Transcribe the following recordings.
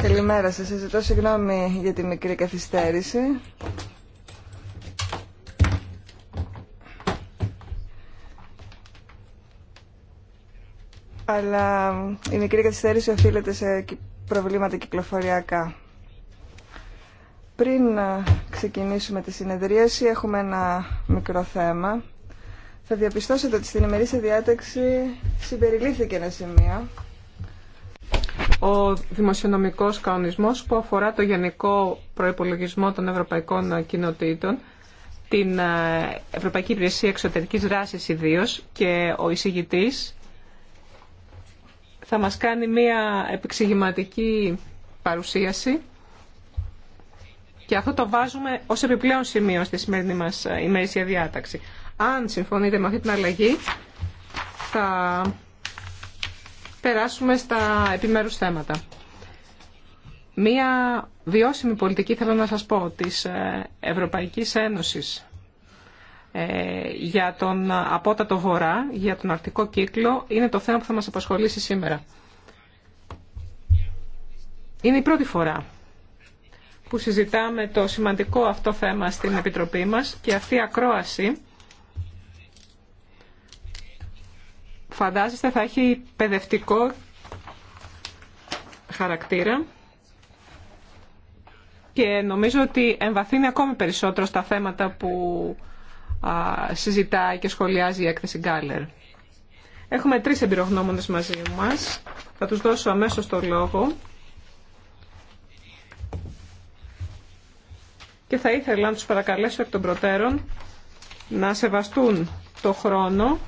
Καλημέρα σας. ζητώ συγγνώμη για τη μικρή καθυστέρηση. Αλλά η μικρή καθυστέρηση οφείλεται σε προβλήματα κυκλοφοριακά. Πριν ξεκινήσουμε τη συνεδρίαση έχουμε ένα μικρό θέμα. Θα διαπιστώσετε ότι στην ημερήσια διάταξη συμπεριλήθηκε ένα σημείο ο δημοσιονομικός κανονισμός που αφορά το γενικό προϋπολογισμό των ευρωπαϊκών κοινοτήτων, την ε, Ευρωπαϊκή Υπηρεσία Εξωτερικής Δράσης ιδίω και ο εισηγητής θα μας κάνει μία επεξηγηματική παρουσίαση και αυτό το βάζουμε ως επιπλέον σημείο στη σημερινή μας ε, ημερήσια διάταξη. Αν συμφωνείτε με αυτή την αλλαγή, θα περάσουμε στα επιμέρους θέματα. Μία βιώσιμη πολιτική, θέλω να σας πω, της ε, Ευρωπαϊκής Ένωσης ε, για τον απότατο βορρά, για τον αρτικό κύκλο, είναι το θέμα που θα μας απασχολήσει σήμερα. Είναι η πρώτη φορά που συζητάμε το σημαντικό αυτό θέμα στην Επιτροπή μας και αυτή η ακρόαση φαντάζεστε θα έχει παιδευτικό χαρακτήρα και νομίζω ότι εμβαθύνει ακόμη περισσότερο στα θέματα που συζητάει και σχολιάζει η έκθεση Γκάλερ. Έχουμε τρεις εμπειρογνώμονες μαζί μας. Θα τους δώσω αμέσως το λόγο. Και θα ήθελα να τους παρακαλέσω εκ των προτέρων να σεβαστούν το χρόνο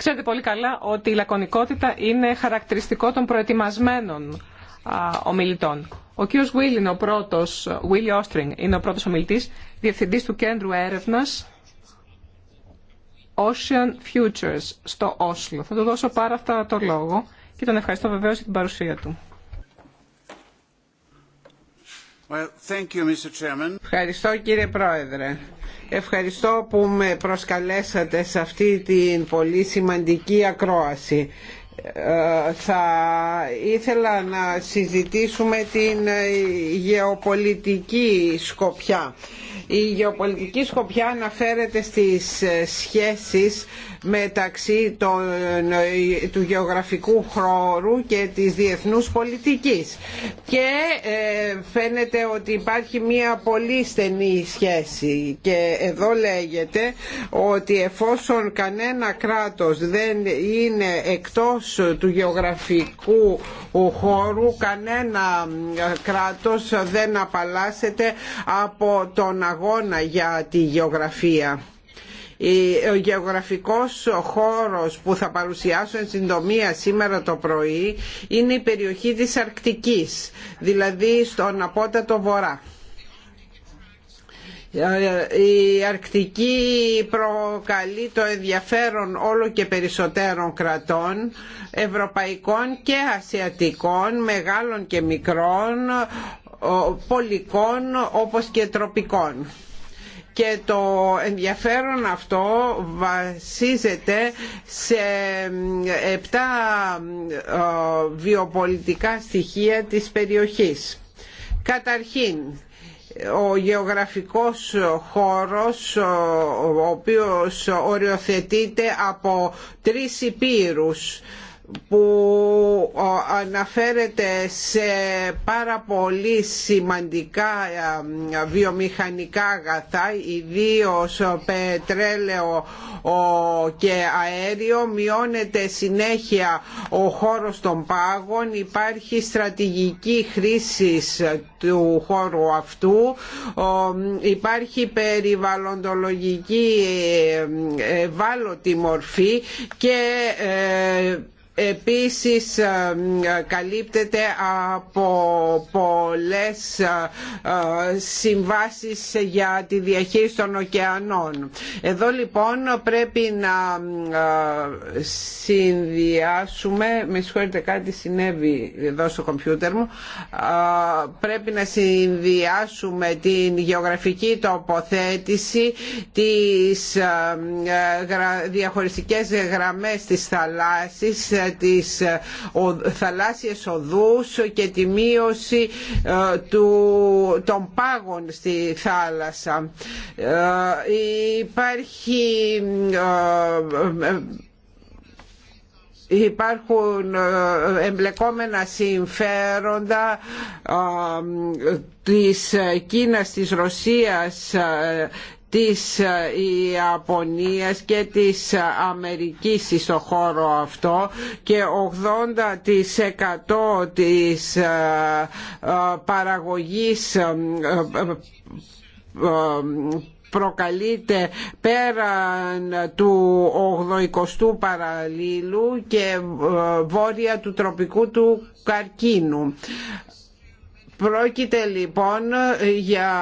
Ξέρετε πολύ καλά ότι η λακωνικότητα είναι χαρακτηριστικό των προετοιμασμένων ομιλητών. Ο κ. Βίλ είναι ο πρώτος, Willy Ostring είναι ο πρώτος ομιλητής, διευθυντής του Κέντρου Έρευνας Ocean Futures στο Όσλο. Θα του δώσω πάρα αυτά το λόγο και τον ευχαριστώ βεβαίως για την παρουσία του. thank you, Mr. Ευχαριστώ κύριε Πρόεδρε. Ευχαριστώ που με προσκαλέσατε σε αυτή την πολύ σημαντική ακρόαση ε, θα ήθελα να συζητήσουμε την γεωπολιτική σκοπιά. Η γεωπολιτική σκοπιά αναφέρεται στις σχέσεις μεταξύ ε, του γεωγραφικού χώρου και της διεθνούς πολιτικής. Και ε, φαίνεται ότι υπάρχει μια πολύ στενή σχέση και εδώ λέγεται ότι εφόσον κανένα κράτος δεν είναι εκτός του γεωγραφικού χώρου κανένα κράτος δεν απαλλάσσεται από τον αγώνα για τη γεωγραφία. Ο γεωγραφικός χώρος που θα παρουσιάσω εν συντομία σήμερα το πρωί είναι η περιοχή της Αρκτικής, δηλαδή στον απότατο βορρά. Ε, η Αρκτική προκαλεί το ενδιαφέρον όλο και περισσότερων κρατών, ευρωπαϊκών και ασιατικών, μεγάλων και μικρών, πολικών όπως και τροπικών και το ενδιαφέρον αυτό βασίζεται σε ε, επτά ε, βιοπολιτικά στοιχεία της περιοχής. Καταρχήν, ο γεωγραφικός χώρος ο οποίος οριοθετείται από τρεις υπήρους που αναφέρεται σε πάρα πολύ σημαντικά ε, βιομηχανικά αγαθά ιδίως ε, πετρέλαιο και αέριο μειώνεται συνέχεια ο χώρος των πάγων υπάρχει στρατηγική χρήση του χώρου αυτού υπάρχει περιβαλλοντολογική ε, ευάλωτη μορφή και Επίσης ε, ε, καλύπτεται από πολλές ε, συμβάσεις για τη διαχείριση των ωκεανών. Εδώ λοιπόν πρέπει να συνδυάσουμε, με συγχωρείτε κάτι συνέβη εδώ στο κομπιούτερ μου, πρέπει να συνδυάσουμε την γεωγραφική τοποθέτηση, της διαχωριστικές γραμμές της θαλάσσης, τις ε, θαλάσσιες οδούς και τη μείωση ε, του, των πάγων στη θάλασσα. Ε, υπάρχει υπάρχουν εμπλεκόμενα συμφέροντα της Κίνας, της Ρωσίας της ε, Ιαπωνίας και της ε, Αμερικής στο χώρο αυτό και 80% της ε, παραγωγής προκαλείται πέραν του 80ου παραλίλου και βόρεια του τροπικού του καρκίνου. Πρόκειται λοιπόν για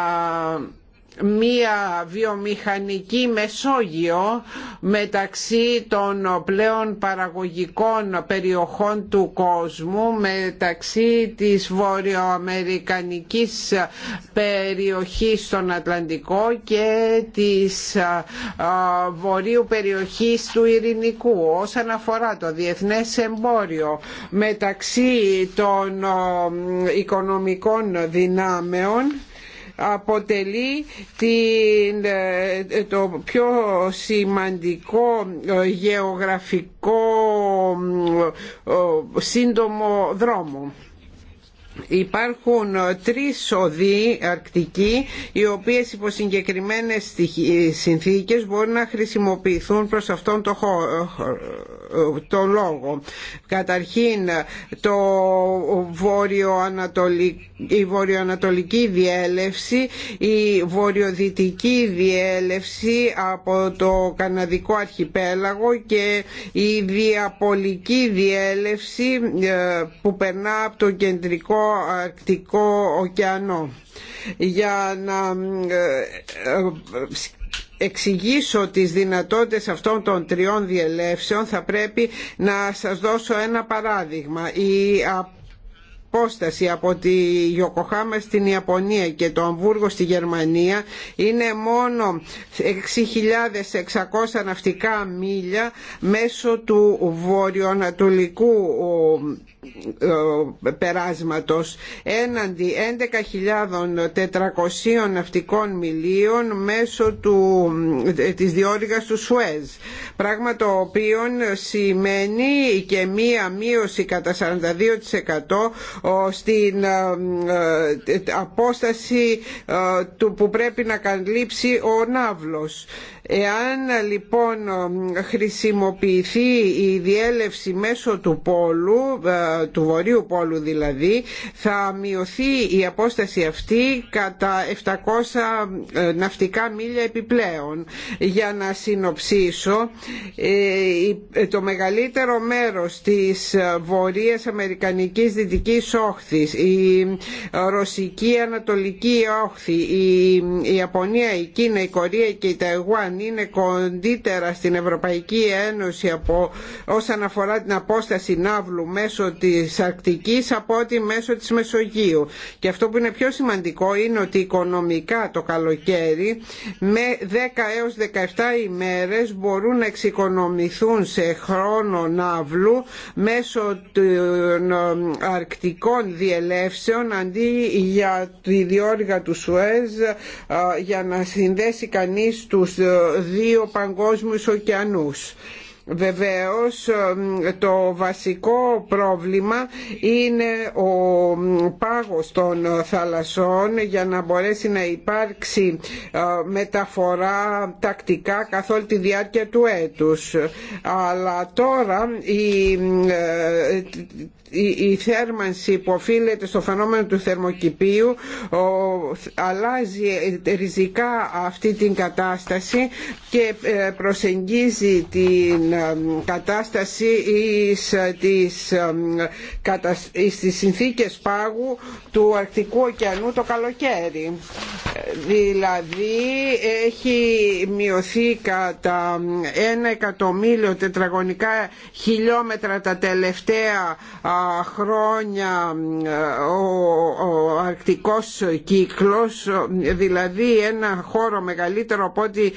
μία βιομηχανική Μεσόγειο μεταξύ των πλέον παραγωγικών περιοχών του κόσμου μεταξύ της βορειοαμερικανικής περιοχής στον Ατλαντικό και της βορείου περιοχής του Ειρηνικού όσον αφορά το διεθνές εμπόριο μεταξύ των οικονομικών δυνάμεων αποτελεί την, ε, το πιο σημαντικό ε, γεωγραφικό ε, σύντομο δρόμο. Υπάρχουν τρεις οδοί αρκτικοί οι οποίες υπό συγκεκριμένε συνθήκες μπορούν να χρησιμοποιηθούν προς αυτόν το, λόγο. Καταρχήν το Βόρειο η βορειοανατολική διέλευση, η βορειοδυτική διέλευση από το Καναδικό Αρχιπέλαγο και η διαπολική διέλευση ε, που περνά από το κεντρικό Αρκτικό ωκεανό. Για να ε, ε, εξηγήσω τις δυνατότητες αυτών των τριών διελεύσεων θα πρέπει να σας δώσω ένα παράδειγμα. Η απόσταση από τη Ιωκοχάμα στην Ιαπωνία και το Αμβούργο στη Γερμανία είναι μόνο 6.600 ναυτικά μίλια μέσω του βορειοανατολικού ε, περάσματος έναντι 11.400 ναυτικών μιλίων μέσω του, ε, της διόρυγας του Σουέζ πράγμα το οποίο σημαίνει και μία μείωση κατά 42% στην ε, απόσταση του που πρέπει να καλύψει ο ναύλος Εάν λοιπόν χρησιμοποιηθεί η διέλευση μέσω του πόλου, ε, του βορείου πόλου δηλαδή, θα μειωθεί η απόσταση αυτή κατά 700 ε, ναυτικά μίλια επιπλέον. Για να συνοψίσω, ε, το μεγαλύτερο μέρος της βορείας Αμερικανικής Δυτικής Όχθης, η Ρωσική Ανατολική Όχθη, η Ιαπωνία, η Κίνα, η Κορία και η Ταϊγουάν είναι κοντύτερα στην Ευρωπαϊκή Ένωση από, όσον αφορά την απόσταση ναύλου μέσω της Αρκτικής από ότι μέσω της Μεσογείου. Και αυτό που είναι πιο σημαντικό είναι ότι οικονομικά το καλοκαίρι με 10 έως 17 ημέρες μπορούν να εξοικονομηθούν σε χρόνο ναύλου μέσω των ε, αρκτικών διελεύσεων αντί για τη διόρυγα του Σουέζ ε, για να συνδέσει κανείς τους ε, δύο παγκόσμιους ωκεανούς Βεβαίως το βασικό πρόβλημα είναι ο πάγος των θαλασσών για να μπορέσει να υπάρξει ε, μεταφορά τακτικά καθ' όλη τη διάρκεια του έτους. Αλλά τώρα η ε, η θέρμανση που οφείλεται στο φαινόμενο του θερμοκηπίου αλλάζει ε, ριζικά αυτή την κατάσταση και προσεγγίζει την κατάσταση ε, της της συνθήκες πάγου του Αρκτικού ωκεανού το καλοκαίρι. Δηλαδή έχει μειωθεί κατά 1 εκατομμύριο τετραγωνικά χιλιόμετρα τα τελευταία χρόνια ο αρκτικός κύκλος, δηλαδή ένα χώρο μεγαλύτερο από ό,τι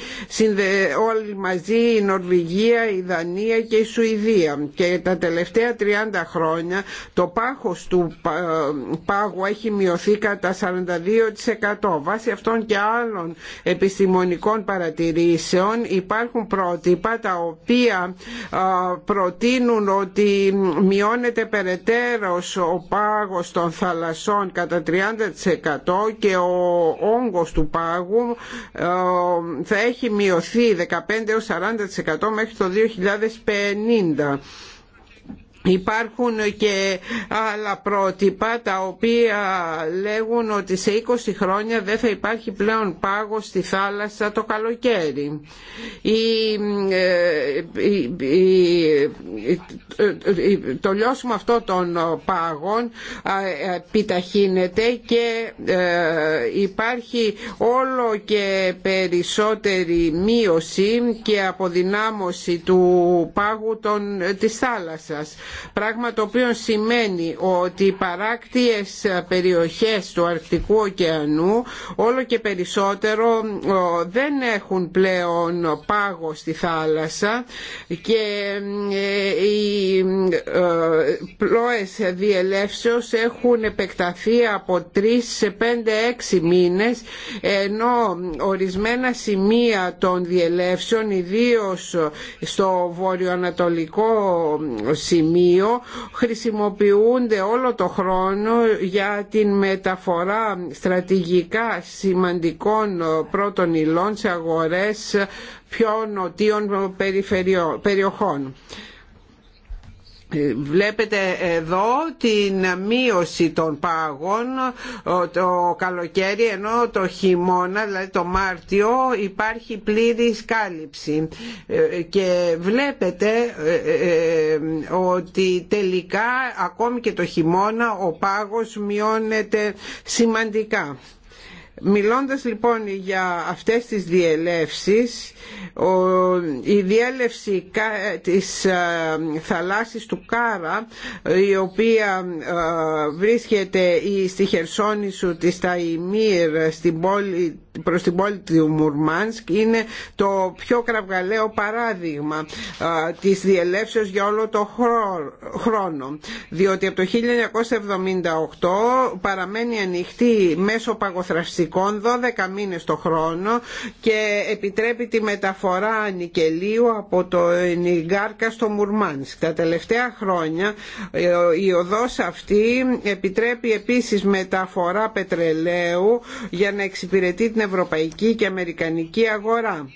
όλοι μαζί η Νορβηγία, η Δανία και η Σουηδία και τα τελευταία 30 χρόνια το πάχος του ε, πάγου έχει μειωθεί κατά 42%. Βάσει αυτών και άλλων επιστημονικών παρατηρήσεων υπάρχουν πρότυπα τα οποία ε, προτείνουν ότι μειώνεται περαιτέρω ο πάγος των θαλασσών κατά 30% και ο όγκος του πάγου ε, θα έχει μειωθεί 15-40% μέχρι το 2050 Υπάρχουν και άλλα πρότυπα τα οποία λέγουν ότι σε 20 χρόνια δεν θα υπάρχει πλέον πάγο στη θάλασσα το καλοκαίρι. Ε, το λιώσιμο αυτό των πάγων επιταχύνεται και ε, υπάρχει όλο και περισσότερη μείωση και αποδυνάμωση του πάγου των, της θάλασσας πράγμα το οποίο σημαίνει ότι οι παράκτιες περιοχές του Αρκτικού ωκεανού όλο και περισσότερο δεν έχουν πλέον πάγο στη θάλασσα και ε, οι ε, πλώες διελεύσεως έχουν επεκταθεί από 3 σε πέντε 6 μήνες ενώ ορισμένα σημεία των διελεύσεων ιδίως στο βορειοανατολικό σημείο χρησιμοποιούνται όλο το χρόνο για την μεταφορά στρατηγικά σημαντικών πρώτων υλών σε αγορές πιο νοτίων περιοχών. Βλέπετε εδώ την μείωση των πάγων το καλοκαίρι ενώ το χειμώνα, δηλαδή το Μάρτιο υπάρχει πλήρης κάλυψη ε, και βλέπετε ε, ε, ότι τελικά ακόμη και το χειμώνα ο πάγος μειώνεται σημαντικά. Μιλώντας λοιπόν για αυτές τις διελεύσεις, η διέλευση της ε, θαλάσσης του Κάρα, η οποία ε, βρίσκεται στη Χερσόνησο της Ταϊμύρ στην πόλη προς την πόλη του Μουρμάνσκ είναι το πιο κραυγαλαίο παράδειγμα ε, της διελεύσεως για όλο το χρόνο διότι από το 1978 παραμένει ανοιχτή μέσω παγωθραυστικών 12 μήνες το χρόνο και επιτρέπει τη μεταφορά νικελίου από το Νιγκάρκα στο Μουρμάνσκ. Τα τελευταία χρόνια ε, η οδός αυτή επιτρέπει επίσης μεταφορά πετρελαίου για να εξυπηρετεί την ευρωπαϊκή και αμερικανική αγορά.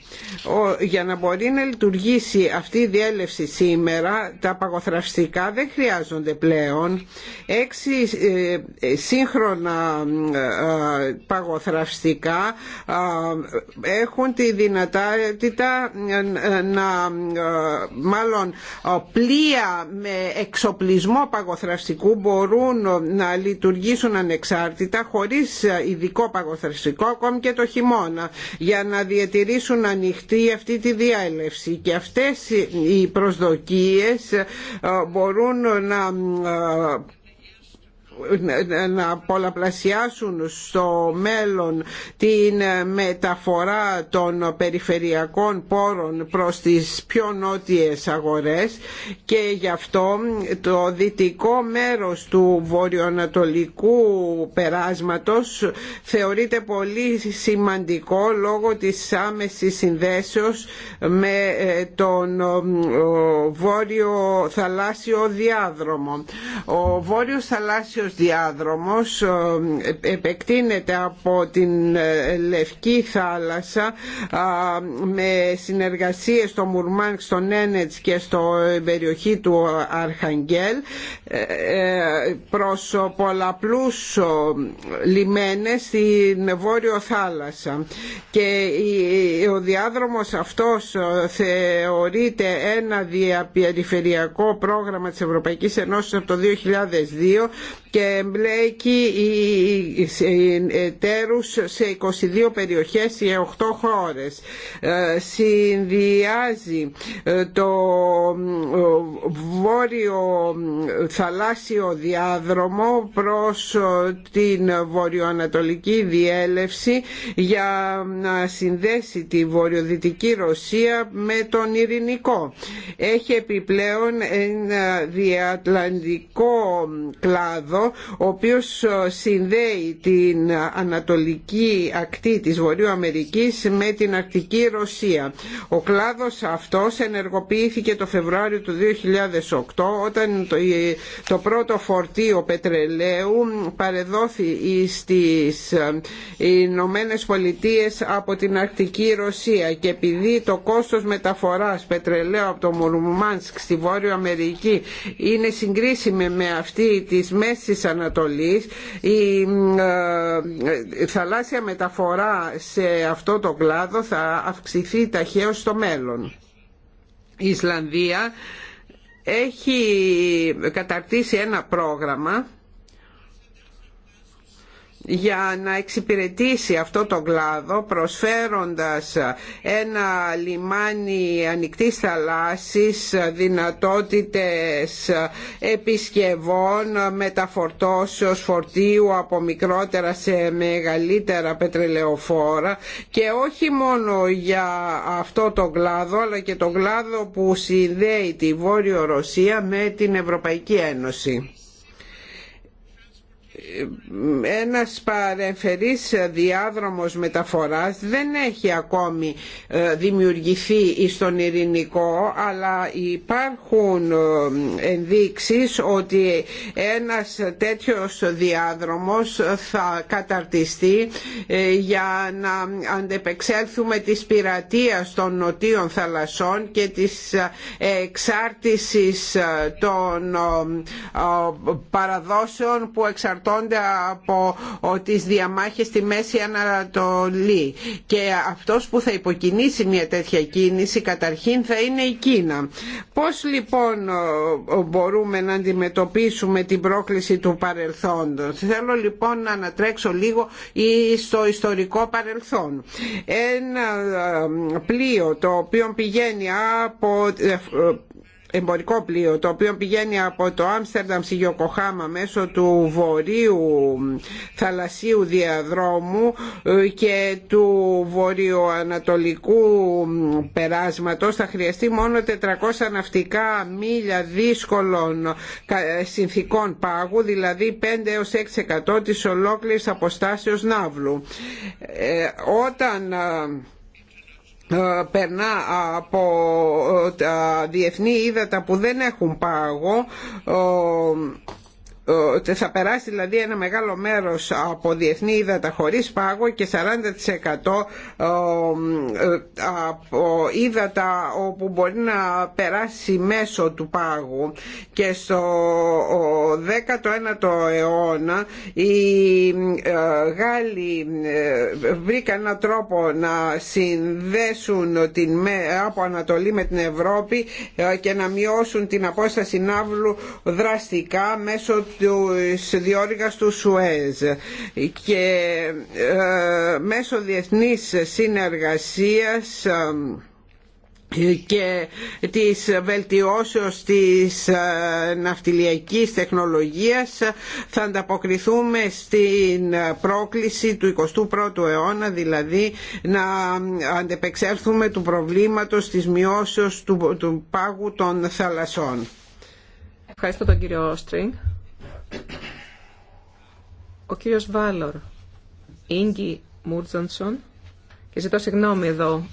Για να μπορεί να λειτουργήσει αυτή η διέλευση σήμερα τα παγοθραυστικά δεν χρειάζονται πλέον. Έξι ε, ε, σύγχρονα παγοθραυστικά α, έχουν τη δυνατότητα ε, να ε, μάλλον πλοία με εξοπλισμό παγοθραυστικού μπορούν ε, να λειτουργήσουν ανεξάρτητα χωρίς ειδικό παγοθραυστικό ακόμη και το χειμώνα για να διατηρήσουν ανοιχτή αυτή τη διάλευση. και αυτές οι προσδοκίες μπορούν να να πολλαπλασιάσουν στο μέλλον την ε, μεταφορά των περιφερειακών πόρων προς τις πιο νότιες αγορές και γι' αυτό το δυτικό μέρος του βορειοανατολικού περάσματος θεωρείται πολύ σημαντικό λόγω της άμεσης συνδέσεως με ε, τον βόρειο θαλάσσιο διάδρομο. Ο βόρειος θαλάσσιος ο διάδρομος ε, ε, επεκτείνεται από την ε, Λευκή Θάλασσα με συνεργασίες στο Μουρμάνκ, στο Νένετς και στο περιοχή του Αρχαγγέλ προς πολλαπλούς λιμένες στην Βόρειο Θάλασσα και ο διάδρομος αυτός θεωρείται ένα διαπεριφερειακό πρόγραμμα της Ευρωπαϊκής Ενώσης από το 2002 και εμπλέκει εταίρους σε 22 περιοχές σε 8 χώρες. Ε, συνδυάζει ε, το ε, βόρειο θαλάσσιο διάδρομο προς την βορειοανατολική διέλευση για να συνδέσει τη βορειοδυτική Ρωσία με τον Ειρηνικό. Έχει επιπλέον ένα διατλαντικό κλάδο ο οποίος ε, συνδέει την ανατολική ακτή της Βορειοαμερικής με την Αρκτική Ρωσία. Ο κλάδος αυτός ενεργοποιήθηκε το Φεβρουάριο του 2008 όταν το πρώτο φορτίο πετρελαίου παρεδόθη στις ε, Ηνωμένε Πολιτείε από την Αρκτική Ρωσία και επειδή το κόστος μεταφοράς πετρελαίου από το Μουρμάνσκ στη Βόρειο Αμερική είναι συγκρίσιμη με αυτή της μέση της Ανατολής ε, η θαλάσσια μεταφορά σε αυτό το κλάδο θα αυξηθεί ταχαίως στο μέλλον. Η Ισλανδία έχει καταρτήσει ένα πρόγραμμα για να εξυπηρετήσει αυτό το κλάδο προσφέροντας ένα λιμάνι ανοιχτής θαλάσσης, δυνατότητες επισκευών, μεταφορτώσεως φορτίου από μικρότερα σε μεγαλύτερα πετρελαιοφόρα και όχι μόνο για αυτό το κλάδο αλλά και το κλάδο που συνδέει τη Βόρειο Ρωσία με την Ευρωπαϊκή Ένωση ένας παρεμφερής διάδρομος μεταφοράς δεν έχει ακόμη ε, δημιουργηθεί στον ειρηνικό αλλά υπάρχουν ε, ενδείξεις ότι ένας τέτοιος διάδρομος θα καταρτιστεί ε, για να αντεπεξέλθουμε της πειρατεία των νοτίων θαλασσών και της εξάρτησης των παραδόσεων που εξαρτώνται εξαρτώνται από τις διαμάχες στη Μέση Ανατολή και αυτός που θα υποκινήσει μια τέτοια κίνηση καταρχήν θα είναι η Κίνα. Πώς λοιπόν μπορούμε να αντιμετωπίσουμε την πρόκληση του παρελθόντος. Θέλω λοιπόν να ανατρέξω λίγο στο ιστορικό παρελθόν. Ένα ε, πλοίο το οποίο πηγαίνει από ε, εμπορικό πλοίο το οποίο πηγαίνει από το Άμστερνταμ στη Γιοκοχάμα μέσω του βορείου θαλασσίου διαδρόμου ε, και του βορειοανατολικού περάσματος θα χρειαστεί μόνο 400 ναυτικά μίλια δύσκολων συνθήκων πάγου δηλαδή 5 έως 6% της ολόκληρης αποστάσεως ναύλου. Ε, όταν ε, περνά από ε, τα διεθνή ύδατα που δεν έχουν πάγο ε, θα περάσει δηλαδή ένα μεγάλο μέρος από διεθνή ύδατα χωρίς πάγο και 40% ε, από ύδατα όπου μπορεί να περάσει μέσω του πάγου και στο 19ο αιώνα οι ε, Γάλλοι ε, βρήκαν έναν τρόπο να συνδέσουν την από Ανατολή με την Ευρώπη και να μειώσουν την απόσταση ναύλου δραστικά μέσω του ε, διόρυγας του Σουέζ και ε, μέσω διεθνής συνεργασίας ε, και της βελτιώσεως της ναυτιλιακής τεχνολογίας θα ανταποκριθούμε στην πρόκληση του 21ου αιώνα δηλαδή να αντεπεξέλθουμε του προβλήματος της μειώσεως του, πάγου των θαλασσών. Ευχαριστώ τον κύριο Όστριγ. Ο κύριος Βάλορ, Ίγκη Μούρτζονσον, και ζητώ συγγνώμη εδώ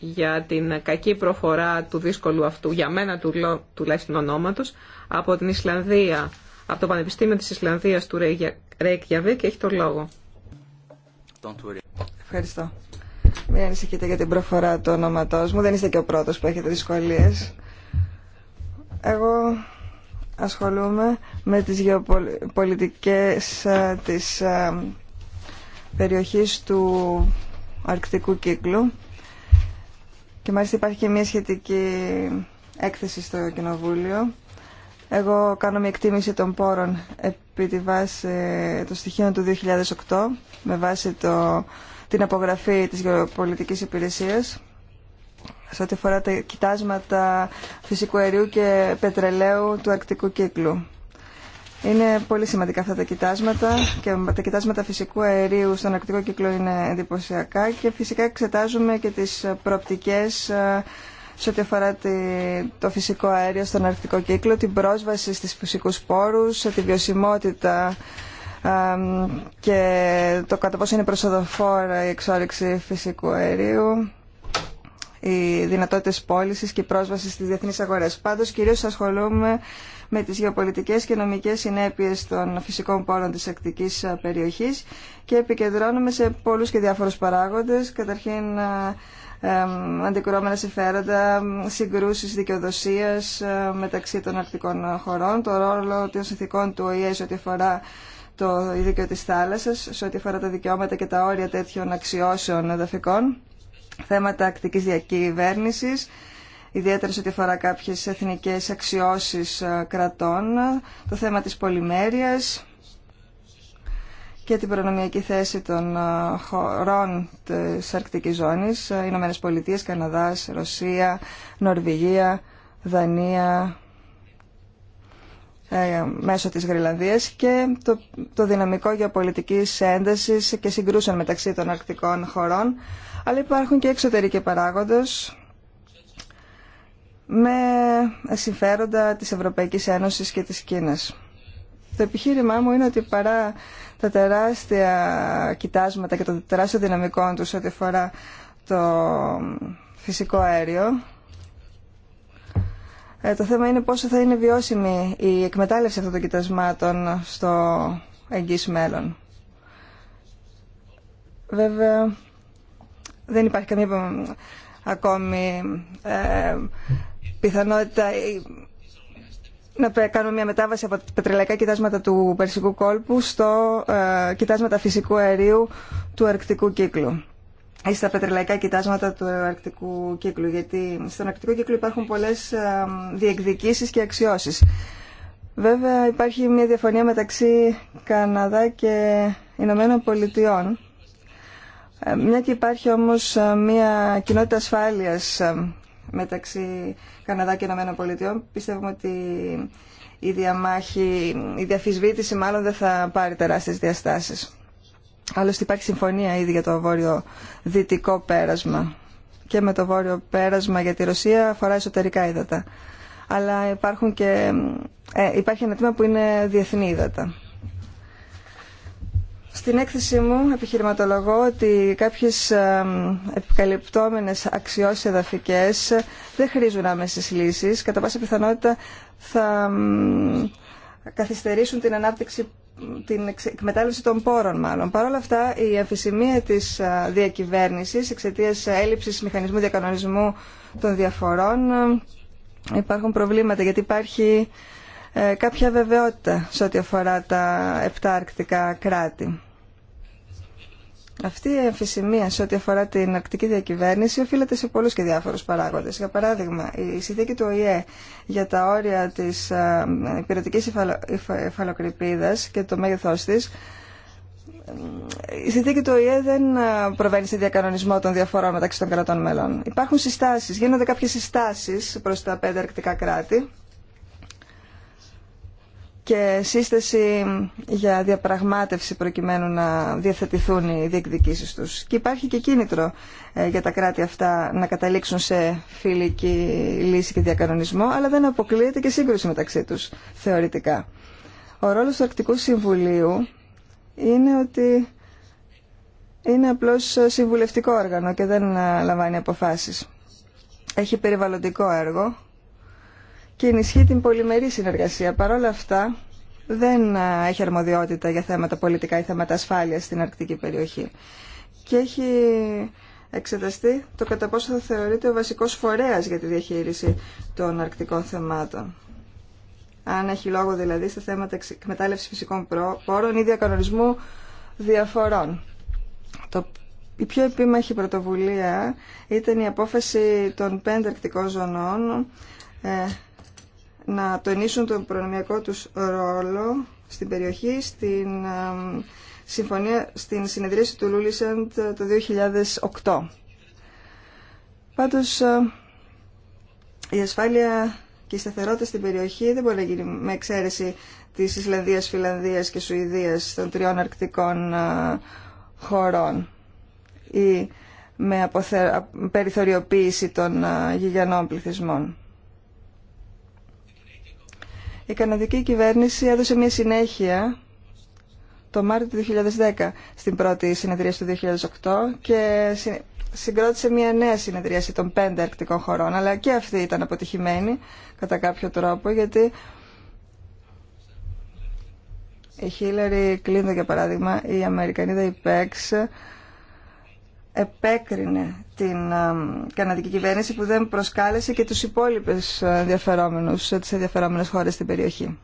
για την κακή προφορά του δύσκολου αυτού, για μένα του, τουλάχιστον ονόματος, από την Ισλανδία, από το Πανεπιστήμιο της Ισλανδίας του Ρέικιαβίκ και έχει τον λόγο. Ευχαριστώ. Μην ανησυχείτε για την προφορά του ονόματός μου. Δεν είστε και ο πρώτος που έχετε δυσκολίες. Εγώ ασχολούμαι με τις γεωπολιτικές ε, της ε, περιοχής του Αρκτικού Κύκλου και μάλιστα υπάρχει και μια σχετική έκθεση στο Κοινοβούλιο. Εγώ κάνω μια εκτίμηση των πόρων επί τη βάση ε, των στοιχείων του 2008 με βάση το, την απογραφή της γεωπολιτικής υπηρεσίας σε ό,τι αφορά τα κοιτάσματα φυσικού αερίου και πετρελαίου του αρκτικού κύκλου. Είναι πολύ σημαντικά αυτά τα κοιτάσματα και τα κοιτάσματα φυσικού αερίου στον αρκτικό κύκλο είναι εντυπωσιακά και φυσικά εξετάζουμε και τις προοπτικές ε, σε ό,τι αφορά το φυσικό αέριο στον αρκτικό κύκλο, την πρόσβαση στις φυσικούς πόρους, τη βιωσιμότητα ε, και το κατά πόσο είναι προσοδοφόρα η εξόρυξη φυσικού αερίου οι δυνατότητε πώληση και πρόσβαση στι διεθνείς αγορέ. Πάντως κυρίω ασχολούμαι με τι γεωπολιτικέ και νομικέ συνέπειε των φυσικών πόρων τη ακτική ε, περιοχή και επικεντρώνουμε σε πολλού και διάφορου παράγοντε. καταρχήν ε, αντικρώμενα συμφέροντα, συγκρούσεις δικαιοδοσίας ε, μεταξύ των αρκτικών χωρών, το ρόλο των συνθηκών του ΟΗΕ σε ό,τι αφορά το δίκαιο της θάλασσας, σε ό,τι αφορά τα δικαιώματα και τα όρια τέτοιων αξιώσεων εδαφικών θέματα ακτικής διακυβέρνησης, ιδιαίτερα σε ό,τι αφορά κάποιες εθνικές αξιώσεις ε, κρατών, το θέμα της πολυμέρειας και την προνομιακή θέση των ε, χωρών της Αρκτικής Ζώνης, ε, Ηνωμένες Πολιτείες, Καναδάς, Ρωσία, Νορβηγία, Δανία, μέσω της Γρυλανδίας και το, το δυναμικό γεωπολιτικής έντασης και συγκρούσεων μεταξύ των αρκτικών χωρών αλλά υπάρχουν και εξωτερικοί παράγοντες με συμφέροντα της Ευρωπαϊκής Ένωσης και της Κίνας. Το επιχείρημά μου είναι ότι παρά τα τεράστια κοιτάσματα και το τεράστιο δυναμικό τους ό,τι αφορά το φυσικό αέριο, ε, το θέμα είναι πόσο θα είναι βιώσιμη η εκμετάλλευση αυτών των κοιτασμάτων στο εγγύς μέλλον. Βέβαια, δεν υπάρχει καμία ακόμη ε, πιθανότητα ε, να κάνουμε μια μετάβαση από τα πετρελαϊκά κοιτάσματα του Περσικού κόλπου στο ε, κοιτάσματα φυσικού αερίου του Αρκτικού κύκλου ή στα πετρελαϊκά κοιτάσματα του Αρκτικού κύκλου γιατί στον Αρκτικό κύκλο υπάρχουν πολλές ε, διεκδικήσεις και αξιώσεις. Βέβαια υπάρχει μια διαφωνία μεταξύ Καναδά και Ηνωμένων Πολιτειών ε, μια και υπάρχει όμως ε, μια κοινότητα ασφάλειας ε, μεταξύ Καναδά και Ηνωμένων Πολιτειών, πιστεύουμε ότι η διαμάχη, η διαφυσβήτηση μάλλον δεν θα πάρει τεράστιες διαστάσεις. Άλλωστε υπάρχει συμφωνία ήδη για το βόρειο δυτικό πέρασμα και με το βόρειο πέρασμα για τη Ρωσία αφορά εσωτερικά ύδατα. Αλλά υπάρχουν και, υπάρχει ένα τμήμα που είναι διεθνή ύδατα. Στην έκθεση μου επιχειρηματολογώ ότι κάποιες επικαλυπτόμενες αξιώσεις εδαφικές δεν χρήζουν άμεσες λύσεις. Κατά πάσα πιθανότητα θα καθυστερήσουν την ανάπτυξη την εκμετάλλευση των πόρων μάλλον. Παρ' όλα αυτά η αμφισημία της ε, διακυβέρνησης εξαιτία έλλειψης μηχανισμού διακανονισμού των διαφορών ε, υπάρχουν προβλήματα γιατί υπάρχει ε, κάποια βεβαιότητα σε ό,τι αφορά τα επτά αρκτικά κράτη. Αυτή η εμφυσιμία σε ό,τι αφορά την αρκτική διακυβέρνηση οφείλεται σε πολλούς και διάφορους παράγοντες. Για παράδειγμα, η συνθήκη του ΟΗΕ για τα όρια της ε, υπηρετικής υφαλοκρηπίδας και το μέγεθός της η συνθήκη του ΟΗΕ δεν ε, προβαίνει σε διακανονισμό των διαφορών μεταξύ των κρατών μελών. Υπάρχουν συστάσεις, γίνονται κάποιες συστάσεις προς τα πέντε αρκτικά κράτη και σύσταση για διαπραγμάτευση προκειμένου να διαθετηθούν οι διεκδικήσεις τους. Και υπάρχει και κίνητρο ε, για τα κράτη αυτά να καταλήξουν σε φιλική λύση και διακανονισμό, αλλά δεν αποκλείεται και σύγκρουση μεταξύ τους, θεωρητικά. Ο ρόλος του Αρκτικού Συμβουλίου είναι ότι είναι απλώς συμβουλευτικό όργανο και δεν ε, λαμβάνει αποφάσεις. Έχει περιβαλλοντικό έργο, και ενισχύει την πολυμερή συνεργασία. Παρ' όλα αυτά δεν έχει αρμοδιότητα για θέματα πολιτικά ή θέματα ασφάλειας στην αρκτική περιοχή. Και έχει εξεταστεί το κατά πόσο θα θεωρείται ο βασικός φορέας για τη διαχείριση των αρκτικών θεμάτων. Αν έχει λόγο δηλαδή στα θέματα εκμετάλλευση φυσικών πόρων ή διακανονισμού διαφορών. Το, η πιο επίμαχη πρωτοβουλία ήταν η απόφαση των πέντε αρκτικών ζωνών ε, να τονίσουν τον προνομιακό τους ρόλο στην περιοχή, στην συμφωνία, στην συνεδρίαση του Λούλισαντ ε, το 2008. Πάντως, ε, η ασφάλεια και η σταθερότητα στην περιοχή δεν μπορεί να γίνει με εξαίρεση της Ισλανδίας, Φιλανδίας και Σουηδίας των τριών αρκτικών ε, χωρών ή με αποθε... περιθωριοποίηση των γηγενών πληθυσμών. Η καναδική κυβέρνηση έδωσε μια συνέχεια το Μάρτιο του 2010 στην πρώτη συνεδρίαση του 2008 και συγκρότησε μια νέα συνεδρίαση των πέντε αρκτικών χωρών. Αλλά και αυτή ήταν αποτυχημένη κατά κάποιο τρόπο γιατί η Χίλαρη Κλίντο για παράδειγμα, η Αμερικανίδα υπέξ επέκρινε την ε, καναδική κυβέρνηση που δεν προσκάλεσε και τους υπόλοιπες ε, ενδιαφερόμενους, ε, τις ενδιαφερόμενες χώρες στην περιοχή.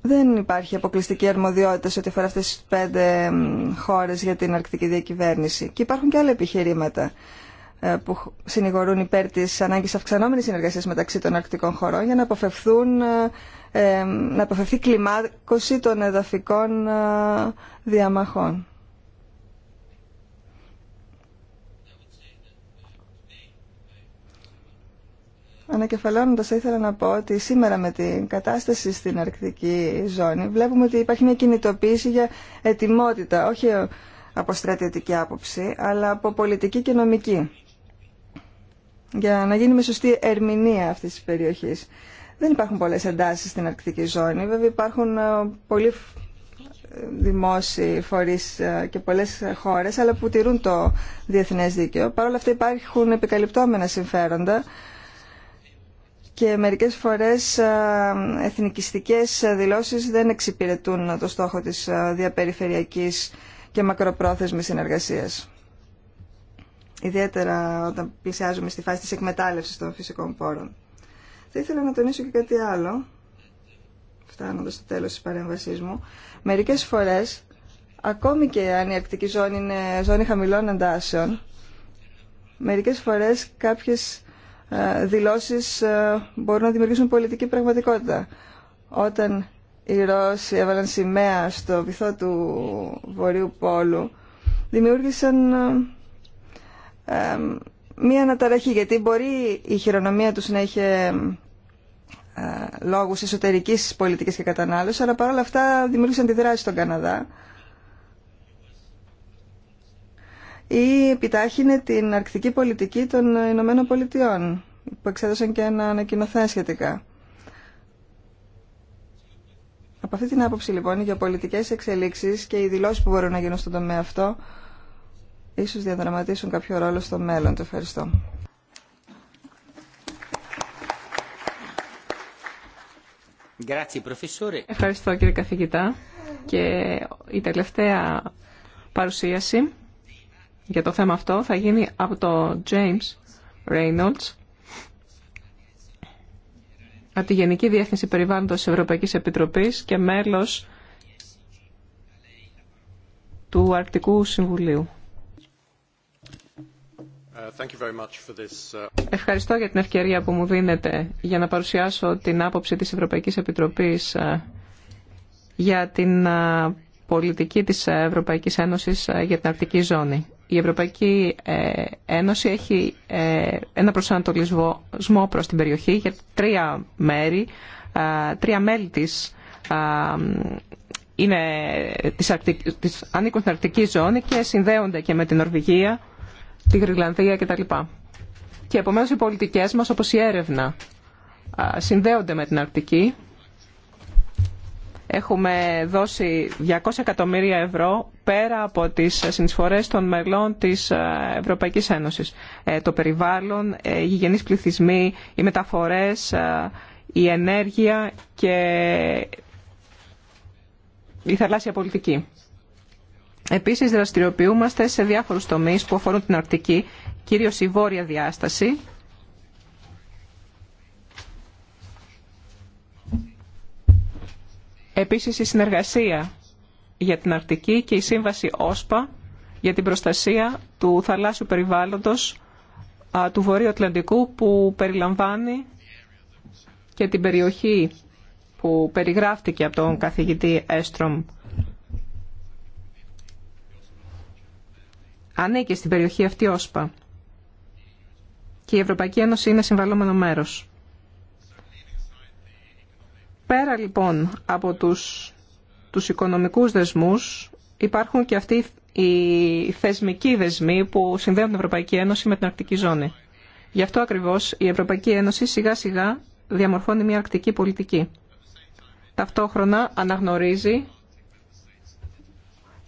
Δεν υπάρχει αποκλειστική αρμοδιότητα σε ό,τι αφορά αυτές τις πέντε χώρες για την αρκτική διακυβέρνηση. Και υπάρχουν και άλλα επιχειρήματα που συνηγορούν υπέρ της ανάγκης αυξανόμενης συνεργασίας μεταξύ των αρκτικών χωρών για να αποφευθούν να αποφευθεί κλιμάκωση των εδαφικών διαμαχών. Ανακεφαλώνοντας, θα ήθελα να πω ότι σήμερα με την κατάσταση στην αρκτική ζώνη βλέπουμε ότι υπάρχει μια κινητοποίηση για ετοιμότητα, όχι από στρατιωτική άποψη, αλλά από πολιτική και νομική. Για να γίνει με σωστή ερμηνεία αυτής της περιοχής. Δεν υπάρχουν πολλές εντάσεις στην αρκτική ζώνη. Βέβαια υπάρχουν ε, πολλοί δημόσιοι φορείς ε, και πολλές χώρες, αλλά που τηρούν το διεθνές δίκαιο. Παρ' όλα αυτά υπάρχουν επικαλυπτόμενα συμφέροντα και μερικές φορές εθνικιστικές δηλώσεις δεν εξυπηρετούν το στόχο της διαπεριφερειακής και μακροπρόθεσμης συνεργασίας. Ιδιαίτερα όταν πλησιάζουμε στη φάση της εκμετάλλευσης των φυσικών πόρων. Θα ήθελα να τονίσω και κάτι άλλο, φτάνοντας στο τέλος της παρέμβασής μου. Μερικές φορές, ακόμη και αν η αρκτική ζώνη είναι ζώνη χαμηλών εντάσεων, μερικές φορές κάποιες ε, δηλώσεις ε, μπορούν να δημιουργήσουν πολιτική πραγματικότητα. Όταν οι Ρώσοι έβαλαν σημαία στο βυθό του Βορείου Πόλου, δημιούργησαν ε, μία αναταραχή, γιατί μπορεί η χειρονομία τους να είχε λόγους εσωτερικής πολιτικής και κατανάλωσης, αλλά παρόλα αυτά δημιούργησαν τη δράση στον Καναδά, ή επιτάχυνε την αρκτική πολιτική των Ηνωμένων Πολιτειών που εξέδωσαν και ένα ανακοινωθέν σχετικά. Από αυτή την άποψη λοιπόν οι γεωπολιτικές εξελίξεις και οι δηλώσεις που μπορούν να γίνουν στον τομέα αυτό ίσως διαδραματίσουν κάποιο ρόλο στο μέλλον. Το ευχαριστώ. Ευχαριστώ κύριε καθηγητά και η τελευταία παρουσίαση για το θέμα αυτό θα γίνει από το James Reynolds από τη Γενική Διεύθυνση Περιβάλλοντος της Ευρωπαϊκής Επιτροπής και μέλος του Αρκτικού Συμβουλίου. Uh, Ευχαριστώ για την ευκαιρία που μου δίνετε για να παρουσιάσω την άποψη της Ευρωπαϊκής Επιτροπής ε, για την ε, πολιτική της Ευρωπαϊκής Ένωσης ε, για την Αρκτική Ζώνη. Η Ευρωπαϊκή ε, Ένωση έχει ε, ένα προσανατολισμό προς την περιοχή για τρία μέρη. Τρία μέλη της είναι, της της, ανήκουν στην Αρκτική Ζώνη και συνδέονται και με την Νορβηγία, τη Γρυλανδία κτλ. Και επομένως οι πολιτικές μας όπως η έρευνα συνδέονται με την Αρκτική Έχουμε δώσει 200 εκατομμύρια ευρώ πέρα από τις συνεισφορές των μελών της ε, Ευρωπαϊκής Ένωσης. Ε, το περιβάλλον, ε, οι γηγενείς πληθυσμοί, οι μεταφορές, η ενέργεια και η θαλάσσια πολιτική. Επίσης δραστηριοποιούμαστε σε διάφορους τομείς που αφορούν την Αρκτική, κυρίως η βόρεια διάσταση Επίσης η συνεργασία για την Αρκτική και η σύμβαση ΟΣΠΑ για την προστασία του θαλάσσιου περιβάλλοντος του Βορείου Ατλαντικού που περιλαμβάνει και την περιοχή που περιγράφτηκε από τον καθηγητή Έστρομ. Ανήκει στην περιοχή αυτή ΟΣΠΑ και η Ευρωπαϊκή Ένωση είναι συμβαλόμενο μέρος. Πέρα λοιπόν από τους, τους οικονομικούς δεσμούς υπάρχουν και αυτοί οι θεσμικοί δεσμοί που συνδέουν την Ευρωπαϊκή Ένωση με την Αρκτική Ζώνη. Γι' αυτό ακριβώς η Ευρωπαϊκή Ένωση σιγά σιγά διαμορφώνει μια αρκτική πολιτική. Ταυτόχρονα αναγνωρίζει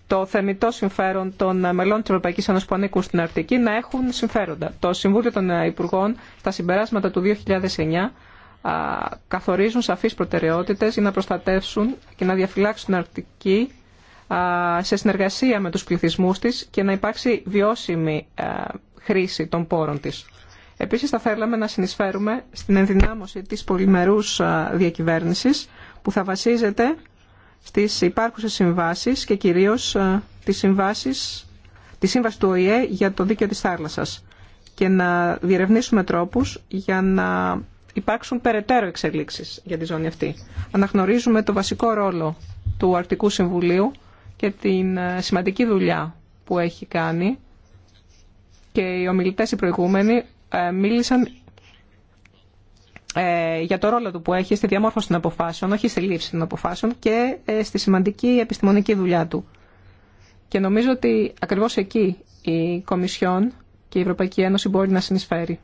το θεμητό συμφέρον των μελών τη Ευρωπαϊκή Ένωση που ανήκουν στην Αρκτική να έχουν συμφέροντα. Το Συμβούλιο των Υπουργών στα συμπεράσματα του 2009 καθορίζουν σαφείς προτεραιότητες για να προστατεύσουν και να διαφυλάξουν την Αρκτική σε συνεργασία με τους πληθυσμούς της και να υπάρξει βιώσιμη χρήση των πόρων της. Επίσης θα θέλαμε να συνεισφέρουμε στην ενδυνάμωση της πολυμερούς διακυβέρνησης που θα βασίζεται στις υπάρχουσες συμβάσεις και κυρίως τις συμβάσεις, τη σύμβαση του ΟΗΕ για το δίκαιο της θάλασσας και να διερευνήσουμε τρόπους για να υπάρξουν περαιτέρω εξελίξεις για τη ζώνη αυτή. Αναγνωρίζουμε το βασικό ρόλο του Αρκτικού Συμβουλίου και την ε, σημαντική δουλειά που έχει κάνει και οι ομιλητές οι προηγούμενοι ε, μίλησαν ε, για το ρόλο του που έχει στη διαμόρφωση των αποφάσεων, όχι στη λήψη των αποφάσεων και στη σημαντική επιστημονική δουλειά του. Και νομίζω ότι ακριβώς εκεί η Κομισιόν και η Ευρωπαϊκή Ένωση μπορεί να συνεισφέρει